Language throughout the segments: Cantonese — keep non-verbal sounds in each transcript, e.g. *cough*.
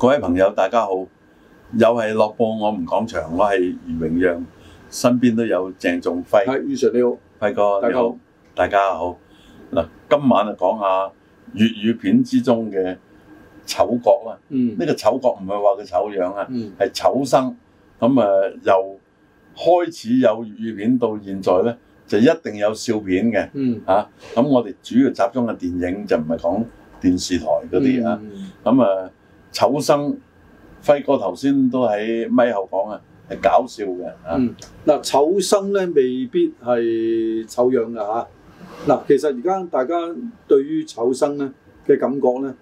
各位朋友，大家好！又係樂報我們講場，我係余榮陽，身邊都有鄭仲輝。係余、啊、Sir 你好，輝哥，你好大，公大家好，大家好。嗱，今晚就講下粵語片之中嘅丑角啦。嗯，呢個丑角唔係話佢醜樣啊，係、嗯、丑生。咁、嗯、啊，由開始有粵語片到現在咧，就一定有笑片嘅。嗯，啊，咁我哋主要集中嘅電影就唔係講電視台嗰啲啊，咁啊、嗯。嗯嗯丑生，輝哥頭先都喺咪後講啊，係搞笑嘅啊。嗱，丑生咧未必係醜樣嘅嚇。嗱、啊，其實而家大家對於丑生咧嘅感覺咧，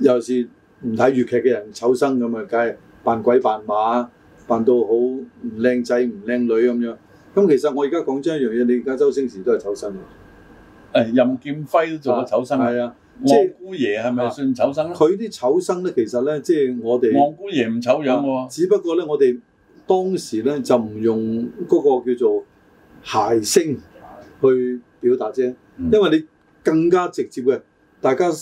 又係唔睇粵劇嘅人醜，丑生咁啊，梗係扮鬼扮馬，扮到好唔靚仔唔靚女咁樣。咁、嗯、其實我而家講緊一樣嘢，你而家周星馳都係丑生喎。誒、哎，任劍輝都做過丑生啊。即係姑爺係咪算丑生啦。佢啲丑生咧，其實咧，即係我哋。王姑爺唔醜樣喎。只不過咧，我哋當時咧就唔用嗰個叫做諧星去表達啫，嗯、因為你更加直接嘅，大家誒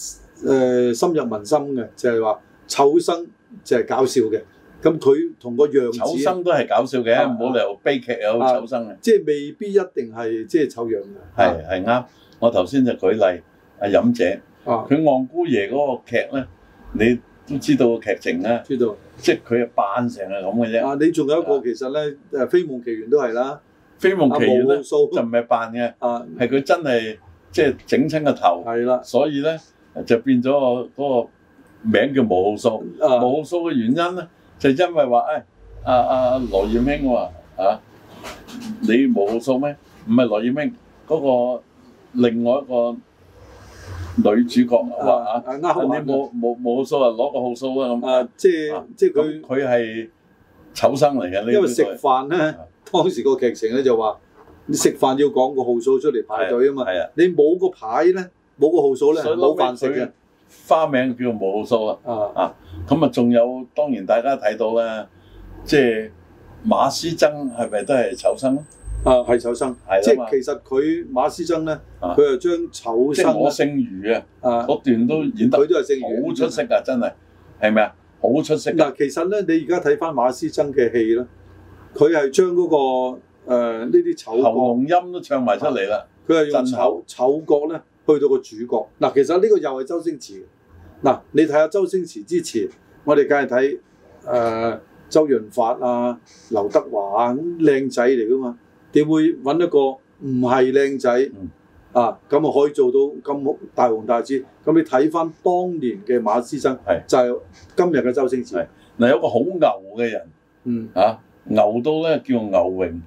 深入民心嘅，就係、是、話醜生就係搞笑嘅。咁佢同個樣子。醜生都係搞笑嘅，唔好、啊、理由悲劇有醜生嘅、啊，即係未必一定係即係醜樣嘅。係係啱。我頭先就舉例，阿飲者。 *noise* 佢《戇、啊、姑爺》嗰、那個劇咧，你都知道個劇情啦、啊，知道，即係佢係扮成係咁嘅啫。啊！你仲有一個其實咧，誒、啊《飛夢奇緣》都係啦，啊《飛夢奇緣》咧就唔係扮嘅，係佢真係即係整親個頭。係啦的，所以咧就變咗個名叫毛浩蘇。毛、啊、浩蘇嘅原因咧，就是、因為話誒阿阿羅艷興話啊，你毛浩蘇咩？唔係羅艷興嗰、那個另外一個。女主角啊！啊，啊，啊，你冇冇冇號數啊？攞個號數啦咁。啊，即係即係佢佢係丑生嚟嘅。因為食飯咧，啊、當時個劇情咧就話你食飯要講個號數出嚟排隊啊嘛。係啊，啊你冇個牌咧，冇個號數咧，冇以飯食嘅。花名叫做無號數啊！啊，咁啊，仲有當然大家睇到咧，即係馬師曾係咪都係丑生咧？哦、啊，係丑生，即係其實佢馬師曾咧，佢又將丑生即係我性餘啊，嗰段都演得佢、哎、都係性好出色啊！真係係咩？啊？好出色啊、那個呃！其實咧，你而家睇翻馬師曾嘅戲咧，佢係將嗰個呢啲丑喉音都唱埋出嚟啦。佢係用丑丑角咧去到個主角。嗱，其實呢個又係周星馳。嗱，你睇下周星馳之前，我哋梗係睇誒周潤發啊、劉德華啊，靚仔嚟噶嘛～你會揾一個唔係靚仔啊？咁啊可以做到咁大紅大紫？咁你睇翻當年嘅馬師曾，是就係今日嘅周星馳。嗱，有個好牛嘅人，嗯、啊牛到咧叫做牛榮，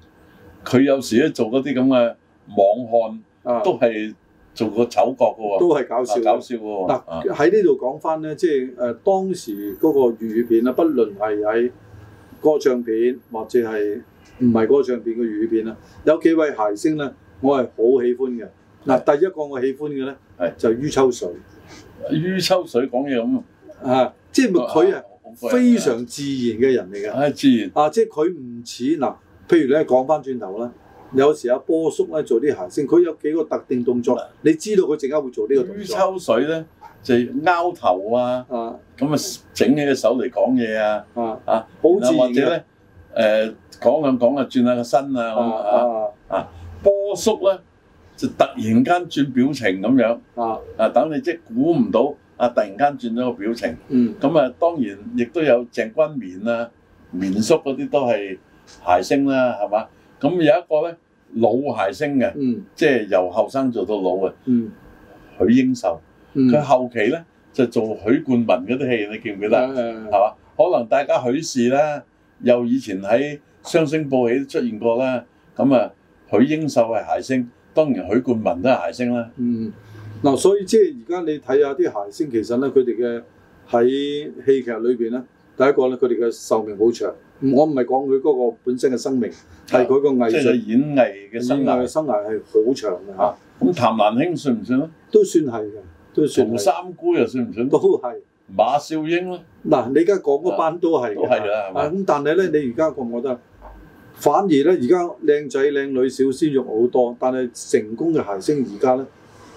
佢有時咧做嗰啲咁嘅網漢，啊、都係做過丑角嘅喎，都係搞笑、啊，搞笑嗱喺、啊啊、呢度講翻咧，即係誒當時嗰個粵語片啊，不論係喺歌唱片或者係。唔係嗰上邊個粵語片啦，有幾位諧星咧，我係好喜歡嘅。嗱，第一個我喜歡嘅咧，就於秋水。於 *laughs* 秋水講嘢咁啊，係 *laughs* 即係佢啊非常自然嘅人嚟嘅。係自然啊，即係佢唔似嗱，譬如你講返轉頭啦，有時阿波叔咧做啲諧星，佢有幾個特定動作，你知道佢陣間會做呢個動作，於秋水咧就係撓頭啊，咁啊整起隻手嚟講嘢啊，啊，好自然啊。誒、呃、講啊講啊轉下個身啊咁啊，啊波叔咧就突然間轉表情咁樣啊，啊等你即係估唔到啊，突然間轉咗個表情嗯，咁啊當然亦都有鄭君綿、啊、綿啦綿叔嗰啲都係諧星啦係嘛，咁有一個咧老諧星嘅，嗯即係由後生做到老嘅，嗯許英秀。佢、嗯、後期咧就做許冠文嗰啲戲，你記唔記得？係嘛，可能大家許氏啦又以前喺《雙星報喜》出現過啦，咁啊，許英秀係諧星，當然許冠文都係諧星啦。嗯，嗱，所以即係而家你睇下啲諧星，其實咧佢哋嘅喺戲劇裏邊咧，第一個咧佢哋嘅壽命好長。我唔係講佢嗰個本身嘅生命，係佢、嗯、個藝術演藝嘅生涯，生涯係好長嘅嚇。咁、啊、譚蘭卿算唔算咧？都算係嘅，算算都算係。三姑又算唔算？都係。馬少英咧，嗱、啊、你而家講嗰班都係，都係啦，係嘛？咁、啊、但係咧，你而家覺唔覺得反而咧，而家靚仔靚女小鮮肉好多，但係成功嘅諧星而家咧，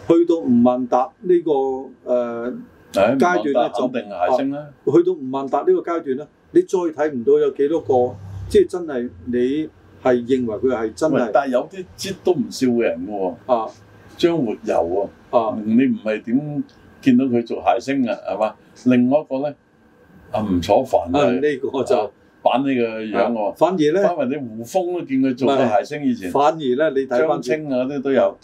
去到吳萬達呢、這個誒、呃哎、階段咧，就肯定諧星啦、啊。去到吳萬達呢個階段咧，你再睇唔到有幾多個，即係真係你係認為佢係真係，但係有啲節都唔笑嘅人嘅喎。啊，張活游啊，啊啊你唔係點？見到佢做諧星嘅係嘛？另外一個咧，阿吳楚帆啊，呢個就扮呢個樣喎。反而咧，因為你胡楓都見佢做諧星以前。反而咧，你睇翻張清啊，都都有。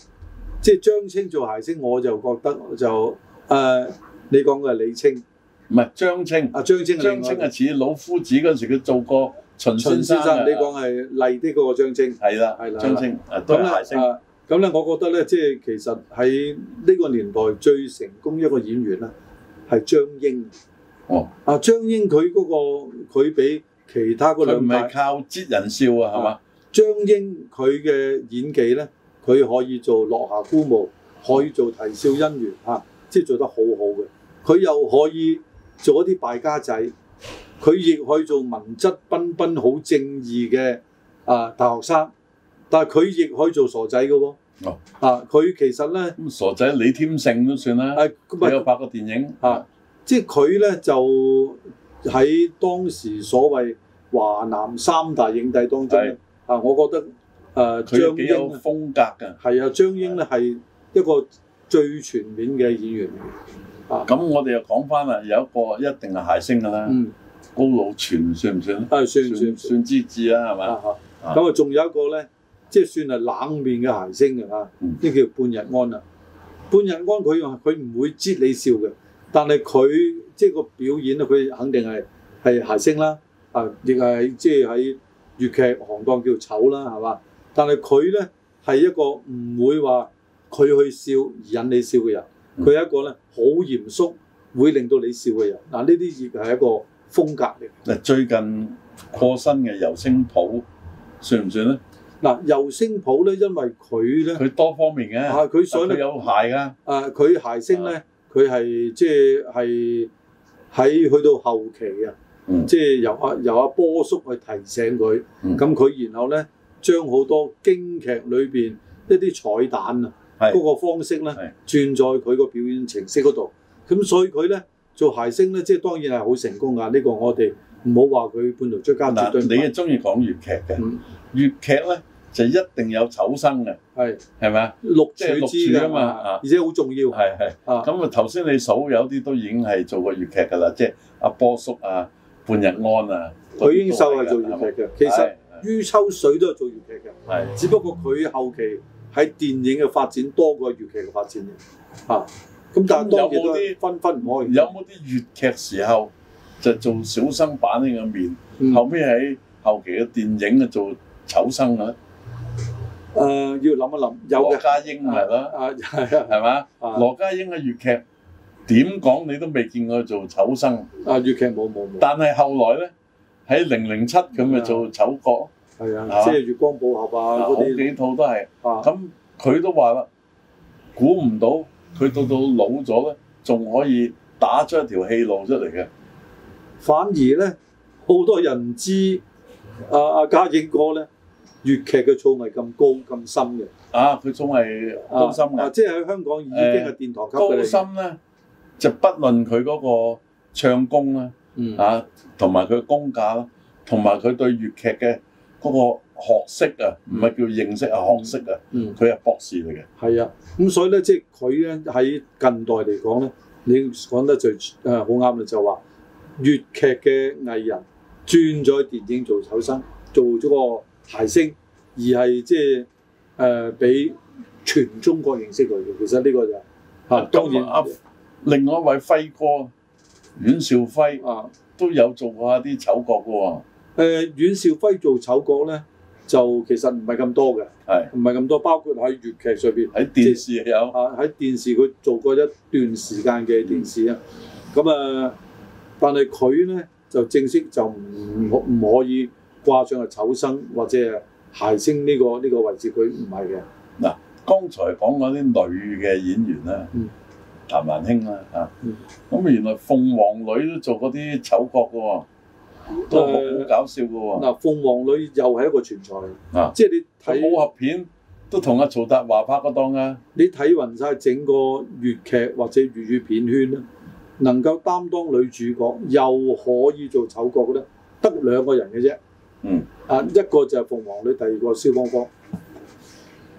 即係張清做諧星，我就覺得就誒，你講嘅係李清唔係張清。啊，張清張清係似老夫子嗰陣時，佢做過秦川先生。你講係麗啲嗰個張清係啦，係啦，張清都係諧星。咁咧，我覺得咧，即係其實喺呢個年代最成功一個演員咧，係張瑛。哦，啊張瑛佢嗰、那個佢比其他嗰兩，佢唔係靠唧人笑啊，係嘛、啊？吧張瑛佢嘅演技咧，佢可以做落霞孤鶩，可以做啼笑姻緣嚇，即、啊、係、就是、做得好好嘅。佢又可以做一啲敗家仔，佢亦可以做文質彬彬、好正義嘅啊大學生。但係佢亦可以做傻仔嘅喎，啊！佢其實咧，咁傻仔李添盛都算啦，有拍過電影啊，即係佢咧就喺當時所謂華南三大影帝當中啊，我覺得誒張英，幾有風格㗎，係啊，張英咧係一個最全面嘅演員。咁我哋又講翻啊，有一個一定係諧星㗎啦，高魯泉算唔算咧？誒，算算算資治啊，係咪？咁啊，仲有一個咧。即係算係冷面嘅諧星嘅嚇，呢、嗯、叫半日安啊。「半日安佢佢唔會知你笑嘅，但係佢即係個表演，佢肯定係係諧星啦。啊，亦係即係喺粵劇行當叫丑啦，係嘛？但係佢咧係一個唔會話佢去笑而引你笑嘅人。佢、嗯、係一個咧好嚴肅，會令到你笑嘅人。嗱、啊，呢啲亦係一個風格嚟。嗱，最近過身嘅尤聲普算唔算咧？嗱，尤聲普咧，因為佢咧，佢多方面嘅，啊，佢所有鞋噶，啊，佢諧星咧，佢係即係喺去到後期、嗯、啊，即係由阿由阿波叔去提醒佢，咁佢、嗯、然後咧將好多京劇裏邊一啲彩蛋啊，嗰個方式咧轉是在佢個表演程式嗰度，咁所以佢咧做諧星咧，即係當然係好成功噶，呢、這個我哋。唔好話佢半途出家，嗱你係中意講粵劇嘅，粵劇咧就一定有丑生嘅，係係咪啊？六柱即係六柱啊嘛，而且好重要，係係。咁啊，頭先你數有啲都已經係做過粵劇㗎喇，即係阿波叔啊、半日安啊，佢已經收係做粵劇嘅。其實伊秋水都係做粵劇嘅，係，只不過佢後期喺電影嘅發展多過粵劇嘅發展啫。咁，但有冇啲分分唔開？有冇啲粵劇時候？就做小生版呢個面，後尾喺後期嘅電影啊做丑生啊。誒，要諗一諗，羅家英咪咯，係嘛？羅家英嘅粵劇點講你都未見過佢做丑生。啊，粵劇冇冇冇。但係後來咧，喺零零七咁咪做丑角。係啊，即係月光寶盒啊嗰啲。好幾套都係。啊。咁佢都話啦，估唔到佢到到老咗咧，仲可以打出一條戲路出嚟嘅。反而咧，好多人唔知阿阿家譯哥咧，粵劇嘅造詣咁高咁深嘅。啊，佢造詣高深啊，啊啊即係喺香港已經係電台級嘅。高深咧，就不論佢嗰個唱功啦，嗯、啊，同埋佢嘅工架啦，同埋佢對粵劇嘅嗰個學識啊，唔係叫認識啊，學識、嗯、啊，佢係博士嚟嘅。係啊，咁所以咧，即係佢咧喺近代嚟講咧，你講得最誒好啱嘅就話。粵劇嘅藝人轉咗電影做丑生，做咗個諧星，而係即係誒俾全中國認識佢。其實呢個就嚇當然另外一位輝哥阮兆輝啊都有做過一啲丑角嘅喎。呃、阮兆輝做丑角咧，就其實唔係咁多嘅，係唔係咁多？包括喺粵劇上邊，喺電視又有、就係、啊，喺電視佢做過一段時間嘅電視啊，咁啊、嗯。嗯。但係佢咧就正式就唔唔可以掛上去丑生或者係諧星呢個呢、這個位置，佢唔係嘅。嗱、啊，剛才講嗰啲女嘅演員咧，譚蘭卿啦啊，咁原來鳳凰女都做嗰啲丑角嘅喎、啊，都好、呃、搞笑嘅喎、啊。嗱、啊，鳳凰女又係一個全才，啊、即係你睇武俠片都同阿曹達華拍過檔啊！你睇勻曬整個粵劇或者粵語片圈啦～、啊啊能夠擔當女主角又可以做丑角嘅咧，得兩個人嘅啫。嗯，啊一個就係鳳凰女，第二個蕭芳芳。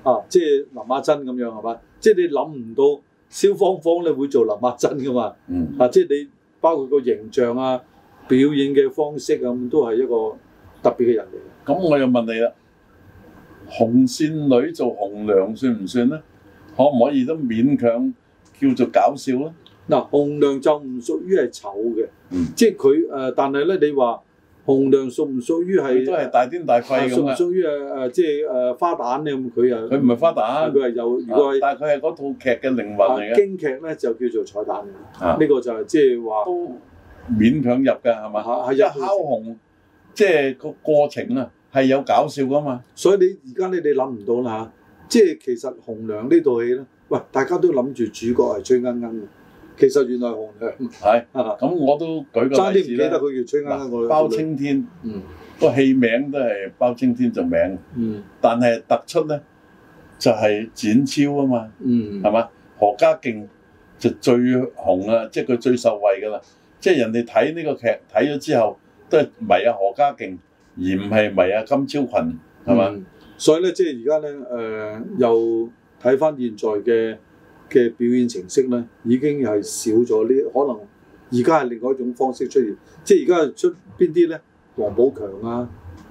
啊，即係林阿珍咁樣係嘛？即係你諗唔到蕭芳芳咧會做林阿珍嘅嘛？嗯，啊即係你包括個形象啊、表演嘅方式啊，都係一個特別嘅人嚟。咁我又問你啦，紅線女做紅娘算唔算咧？可唔可以都勉強叫做搞笑咧？嗱，紅娘就唔屬於係醜嘅，嗯、即係佢誒。但係咧，你話紅娘屬唔屬於係都係大癲大肺咁，屬唔屬於誒誒、呃、即係誒、呃、花旦咧？咁佢又佢唔係花旦，佢係、嗯、有如果係、啊、但係佢係嗰套劇嘅靈魂嚟嘅、啊。京劇咧就叫做彩旦呢、啊、個就係即係話都勉強入嘅係咪？因為、啊、拷紅即係個過程啊，係有搞笑㗎嘛。所以你而家咧，你諗唔到啦嚇！即係其實紅娘呢套戲咧，喂，大家都諗住主角係崔鶯鶯。其實原來紅嘅，係咁的， *laughs* 我都舉個例子咧。爭啲唔記得佢叫咩啦、啊。呃、包青天，嗯、個戲名都係包青天就名。嗯，但係突出咧就係、是、展超啊嘛。嗯，係嘛？何家勁就最紅啊，即係佢最受惠㗎啦。即、就、係、是、人哋睇呢個劇睇咗之後，都係迷啊何家勁，而唔係迷啊金超群，係嘛、嗯吧嗯？所以咧，即係而家咧，誒又睇翻現在嘅。呃嘅表演程式咧，已經係少咗呢，可能而家係另外一種方式出現。即係而家係出邊啲咧？黃寶強啊、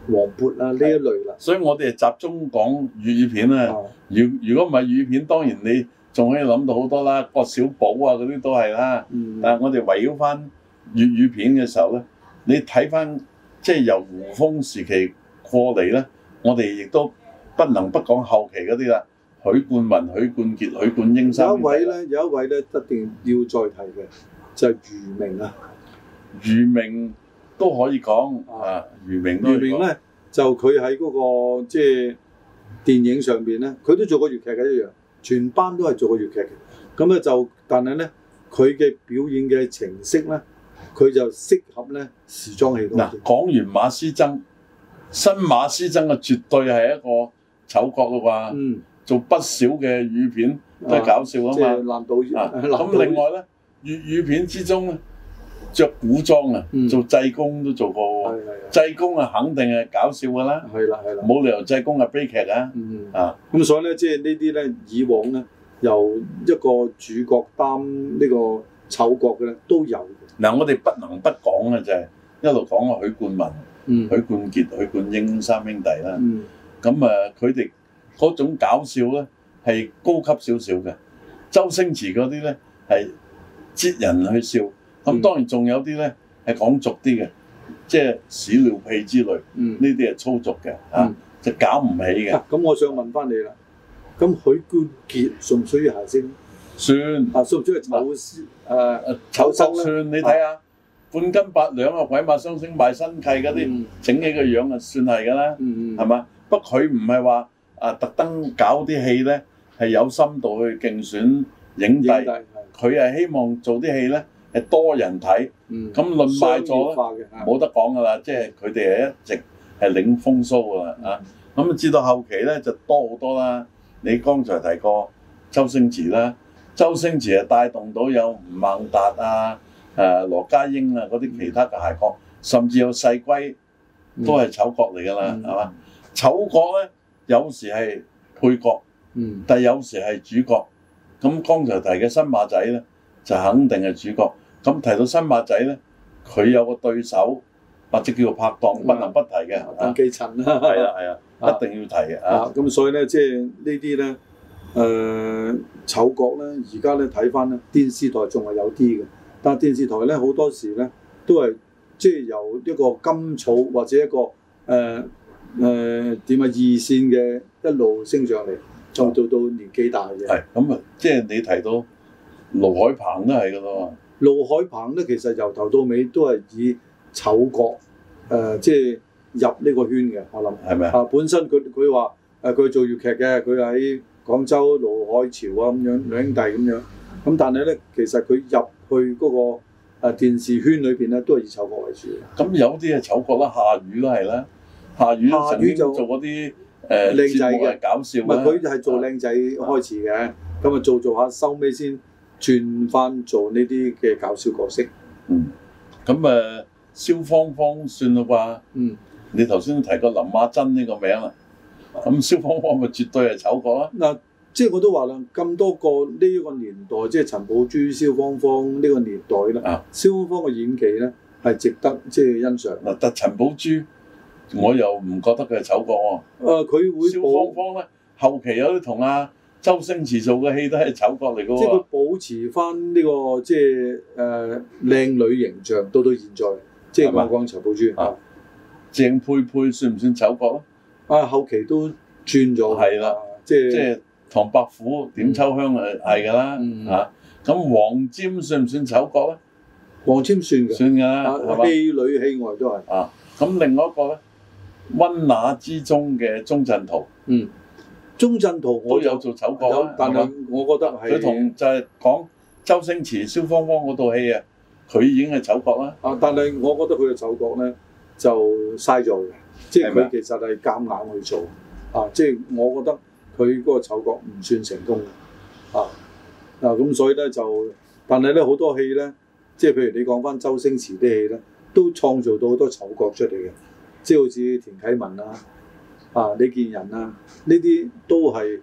黃渤啊呢的一類啦。所以我哋係集中講粵語片啊、哦。如如果唔係粵語片，當然你仲可以諗到好多啦，郭小寶啊嗰啲都係啦。嗯、但係我哋圍繞翻粵語片嘅時候咧，你睇翻即係由胡楓時期過嚟咧，我哋亦都不能不講後期嗰啲啦。許冠文、許冠傑、許冠英有，有一位咧，有一位咧，一定要再提嘅就係、是、余明啊。余明都可以講啊，余明都可以講。余明咧就佢喺嗰個即係、就是、電影上邊咧，佢都做過粵劇嘅一樣，全班都係做過粵劇嘅。咁咧就，但係咧，佢嘅表演嘅程式咧，佢就適合咧時裝戲。嗱、啊，講完馬師曾，新馬師曾嘅絕對係一個醜角嘅啩。嗯。做不少嘅語片都係搞笑啊嘛，啊咁另外咧粵語片之中咧着古裝啊，做濟公都做過喎，濟公啊肯定係搞笑噶啦，係啦係啦，冇理由濟公係悲劇啊，啊咁所以咧即係呢啲咧以往咧由一個主角擔呢個丑角嘅咧都有。嗱我哋不能不講嘅就係一路講落許冠文、許冠傑、許冠英三兄弟啦，咁啊佢哋。嗰種搞笑咧係高級少少嘅，周星馳嗰啲咧係折人去笑，咁當然仲有啲咧係講俗啲嘅，即係屎尿屁之類，呢啲係粗俗嘅嚇，就搞唔起嘅。咁我想問翻你啦，咁許冠傑仲需要下星？算啊，算唔算係丑師？丑生算你睇下，半斤八兩啊！鬼馬雙星、賣身契嗰啲整起個樣啊，算係㗎啦，係嘛？不過佢唔係話。啊！特登搞啲戲咧，係有深度去競選影帝，佢係希望做啲戲咧係多人睇。咁論賣座咧，冇得講㗎啦，即係佢哋係一直係領風騷㗎啦。啊，咁啊，至到後期咧就多好多啦。你剛才提過周星馳啦，周星馳係帶動到有吳孟達啊、誒羅家英啊嗰啲其他嘅諧角，甚至有細龜都係丑角嚟㗎啦，係嘛？丑角咧～有時係配角，嗯，但係有時係主角。咁剛才提嘅新馬仔咧，就肯定係主角。咁提到新馬仔咧，佢有個對手，或者叫做拍檔，不能不提嘅。咁、嗯啊、寄塵啦，係啦，係啊，一定要提嘅啊。咁所以咧，即係呢啲咧，誒、呃，丑角咧，而家咧睇翻咧，電視台仲係有啲嘅。但係電視台咧，好多時咧，都係即係由一個甘草或者一個誒。呃誒點啊？二線嘅一路升上嚟，再、嗯、到到年紀大嘅。係咁啊！即係你提到盧海鵬都係㗎嘛？盧海鵬咧，其實由頭到尾都係以丑角誒、呃，即係入呢個圈嘅。我諗係咪啊？本身佢佢話誒，佢做粵劇嘅，佢喺廣州盧海潮啊咁樣兩兄弟咁樣。咁、嗯、但係咧，其實佢入去嗰個誒電視圈裏邊咧，都係以丑角為主。咁有啲係丑角啦，夏雨都係啦。夏雨就做嗰啲誒靚仔嘅，唔係佢係做靚仔開始嘅，咁啊做做下收尾先轉翻做呢啲嘅搞笑角色。嗯，咁啊，蕭芳芳算嘞啩？嗯，你頭先提過林阿珍呢個名啊，咁蕭芳芳咪絕對係醜角啊！嗱，即係我都話啦，咁多個呢一個年代，即係陳寶珠、蕭芳芳呢個年代啦。啊，蕭芳芳嘅演技咧係值得即係欣賞。嗱，但係陳寶珠。我又唔覺得佢係醜角喎。佢會。蕭芳芳咧，後期有啲同阿周星馳做嘅戲都係醜角嚟嘅喎。即係佢保持翻呢個即係誒靚女形象，到到現在。即係《愛光陳寶珠》。啊。鄭佩佩算唔算醜角咧？啊，後期都轉咗。係啦。即係。即係唐伯虎點秋香誒係㗎啦嚇。咁黃霑算唔算醜角咧？黃霑算。算㗎。啊，戲裏戲外都係。啊。咁另一個咧？溫拿之中嘅鍾鎮濤，嗯，鍾鎮濤我都有做丑角，但係我覺得佢同就係講周星馳、蕭芳芳嗰套戲啊，佢已經係丑角啦。啊，但係我覺得佢嘅丑角咧就嘥咗嘅，即係佢其實係夾硬去做啊，即係我覺得佢嗰個丑角唔算成功嘅啊。嗱，咁所以咧就，但係咧好多戲咧，即係譬如你講翻周星馳啲戲咧，都創造到好多丑角出嚟嘅。即好似田啟文啦、啊、啊李健仁啦，呢啲都係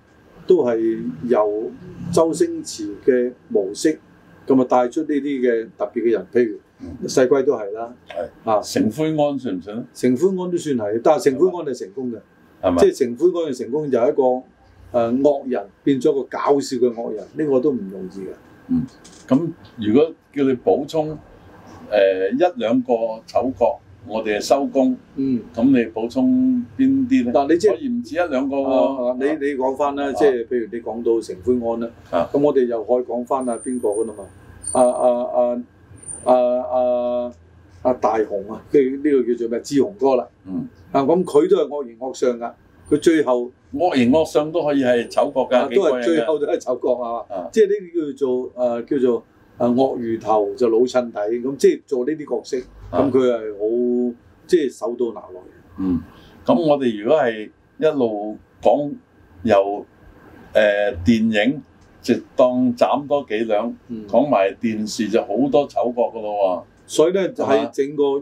都係由周星馳嘅模式咁啊帶出呢啲嘅特別嘅人，譬如細龜、嗯、都係啦，是啊成奎安算唔算？成奎安都算係，但係成奎安係成功嘅，吧即係成奎安嘅成功就係一個誒惡、呃、人變咗個搞笑嘅惡人，呢、這個都唔容易嘅。嗯，咁如果叫你補充誒、呃、一兩個丑角？我哋係收工，咁你補充邊啲咧？嗱，你即係唔止一兩個喎。你你講翻啦，即係譬如你講到成灰安啦，咁我哋又可以講翻阿邊個噶啦嘛？啊啊啊啊啊啊！大雄啊，跟住呢個叫做咩？志雄哥啦，啊咁佢都係惡形惡相噶，佢最後惡形惡相都可以係丑角噶，都係最後都係丑角啊，即係呢啲叫做誒叫做誒鱷魚頭就老襯底，咁即係做呢啲角色。咁佢係好即係手到拿來。嗯。咁我哋如果係一路講由誒、呃、電影，直當斬多幾兩，嗯、講埋電視就好多醜角噶咯喎。嗯、吧所以咧，喺整個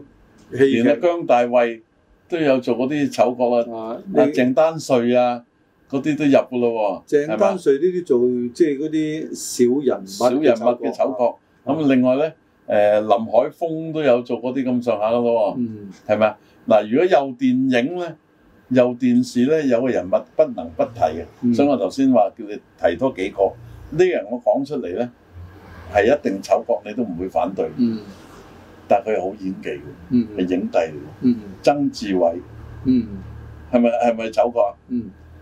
戲劇，連阿姜大衛都有做嗰啲醜角啦。啊，鄭丹瑞啊，嗰啲都入噶咯喎。鄭丹瑞呢啲做即係嗰啲小人物、嗯、小人物嘅醜角。咁另外咧？嗯誒林海峯都有做過啲咁上下噶咯喎，係咪啊？嗱，如果有電影咧，有電視咧，有個人物不能不提嘅，所以我頭先話叫你提多幾個，呢樣我講出嚟咧係一定醜角，你都唔會反對，但係佢好演技嘅，係影帝嚟嘅。曾志偉，係咪係咪醜角啊？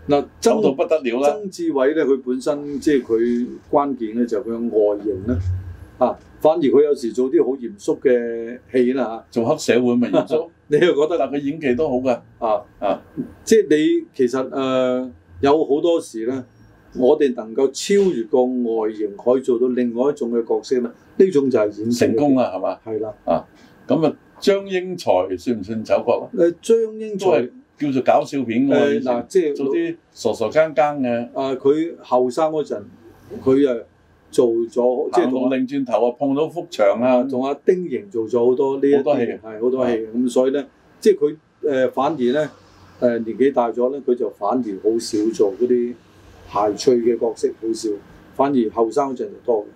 嗱，醜到不得了啦。曾志偉咧，佢本身即係佢關鍵咧就佢外形咧。啊！反而佢有時做啲好嚴肅嘅戲啦，做黑社會咪嚴肅？你又覺得，嗱，佢、啊啊嗯、演技都好嘅啊啊！即係你其實誒、呃、有好多時咧，我哋能夠超越個外形，可以做到另外一種嘅角色、啊、啦。呢種就係演成功啦，係嘛？係啦。啊，咁啊，張英才算唔算走膊？誒，張英才叫做搞笑片嘅意思，做啲傻傻更更嘅。啊，佢後生嗰陣，佢啊～做咗即係同擰轉頭啊，碰到幅牆啊，同阿、嗯、丁瑩做咗好多呢一多戲，係好多戲。咁、嗯嗯、所以咧，即係佢誒反而咧誒、呃、年紀大咗咧，佢就反而好少做嗰啲諧趣嘅角色，好少。反而後生嗰陣就多，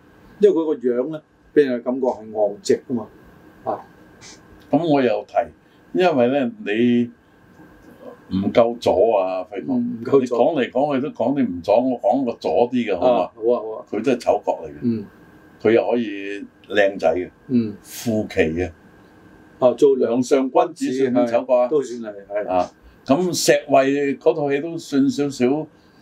因為佢個樣咧，俾人嘅感覺係昂直噶嘛。啊、哎，咁、嗯、我又提，因為咧你。唔夠左啊，飛哥！你講嚟講去都講你唔左，我講個左啲嘅，好嘛？好啊，好啊！佢都係丑角嚟嘅。嗯，佢又可以靚仔嘅。嗯，富奇嘅。啊，做梁上君子算唔丑角啊？都算係，係啊。咁石慧嗰套戲都算少少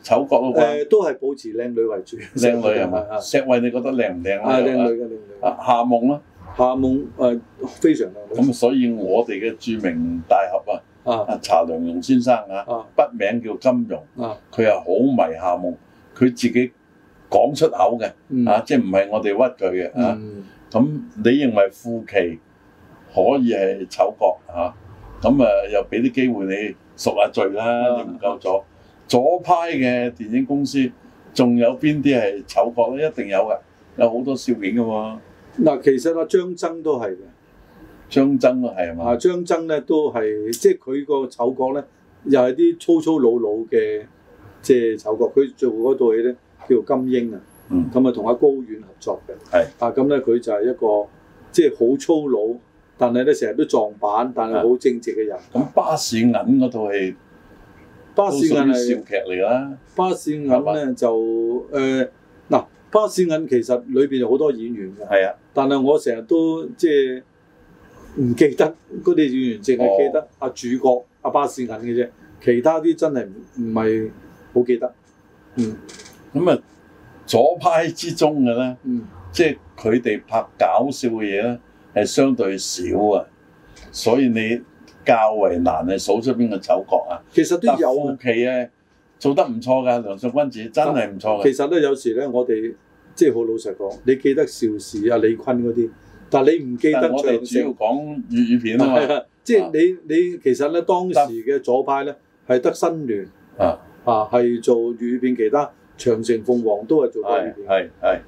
丑角咯。誒，都係保持靚女為主。靚女係嘛？石慧，你覺得靚唔靚咧？係靚女嘅，靚女。夏夢咯。夏夢誒，非常靚。咁所以我哋嘅著名大俠啊！啊！查良鏞先生啊，啊筆名叫金庸，佢又好迷夏夢，佢自己講出口嘅、嗯、啊，即係唔係我哋屈佢嘅、嗯、啊？咁你認為傅奇可以係丑角啊？咁誒又俾啲機會你贖下罪啦，啊、你唔夠咗左、啊、左派嘅電影公司，仲有邊啲係丑角咧？一定有嘅，有好多笑片嘅喎。嗱，其實阿張錚都係嘅。張爭咯，係嘛？啊，張爭咧都係即係佢個丑角咧，又係啲粗粗魯魯嘅即係丑角。佢做嗰套戲咧叫《金英》啊，咁啊同阿高遠合作嘅。係啊，咁咧佢就係一個即係好粗魯，但係咧成日都撞板，但係好正直嘅人。咁巴士銀嗰套戲，巴士銀係笑劇嚟啦。巴士銀咧就誒嗱，巴士銀其實裏邊有好多演員嘅。係啊，但係我成日都即係。唔記得嗰啲演員，淨係記得阿、哦啊、主角阿、啊、巴士銀嘅啫，其他啲真係唔唔係好記得。嗯，咁啊左派之中嘅咧，嗯、即係佢哋拍搞笑嘅嘢咧，係相對少啊。所以你較為難係數出邊個丑角啊，啊，啊。其實都有啊。夫妻做得唔錯㗎，梁淑君子真係唔錯㗎。其實咧有時咧，我哋即係好老實講，你記得邵氏啊、李坤嗰啲？但你唔記得我哋主要講粵語片啊嘛。啊，即係你你其實咧，當時嘅左派咧，係得新聯啊啊係做粵語片，其他長城鳳凰都係做過粵語片。係係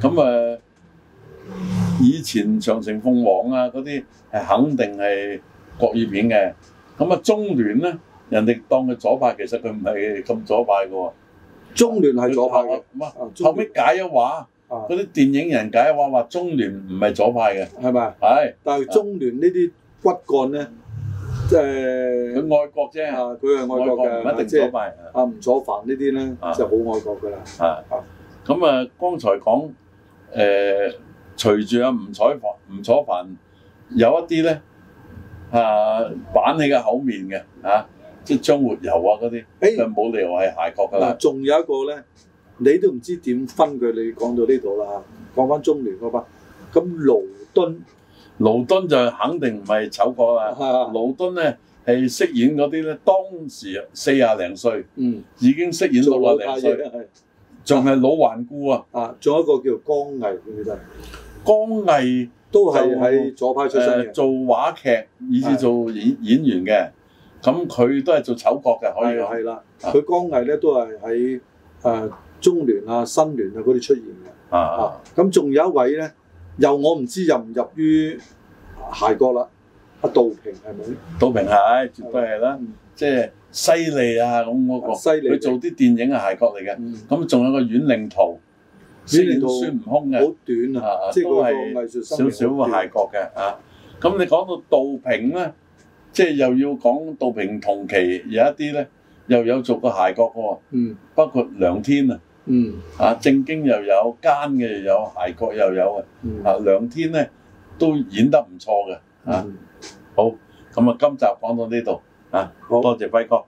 咁誒，以前長城鳳凰啊嗰啲係肯定係國語片嘅。咁啊中聯咧，人哋當佢左派，其實佢唔係咁左派嘅喎、啊啊啊。中聯係左派嘅。咁啊，後尾解一話。嗰啲電影人解話話中聯唔係左派嘅，係咪啊？係。但係中聯呢啲骨幹咧，誒，佢愛國啫。啊，佢係愛國嘅，唔一定左派。啊，吳楚帆呢啲咧就好愛國㗎啦。啊，咁啊，剛才講誒，隨住啊，吳楚帆、吳楚帆有一啲咧，啊，板起個口面嘅，啊，即係張活游啊嗰啲，佢冇理由係諧角㗎啦。仲有一個咧。你都唔知點分佢，你講到呢度啦。講返中聯嗰班，咁盧敦，盧敦就肯定唔係丑角啦。盧敦咧係飾演嗰啲咧，當時四十零歲，嗯，已經飾演六十零歲，仲係老頑固啊。啊，仲有一個叫做江毅，記唔記得？江毅都係喺左派出身做話劇以至做演演員嘅。咁佢都係做丑角嘅，可以。係啦，佢江毅咧都係喺誒。中聯啊、新聯啊嗰啲出現嘅啊，咁仲有一位咧，又我唔知入唔入於諧角啦，阿杜平係咪？杜平係，絕對係啦，即係犀利啊！咁嗰個，佢做啲電影嘅諧角嚟嘅。咁仲有個阮令圖，孫悟空嘅，好短啊，即係少少個諧角嘅啊。咁你講到杜平咧，即係又要講杜平同期有一啲咧，又有做過諧角嘅喎，包括梁天啊。嗯，啊正經又有，奸嘅又有，諧角又有、嗯、啊兩天呢都演得唔錯嘅。啊、嗯、好，咁啊今集講到呢度，啊好多謝輝哥。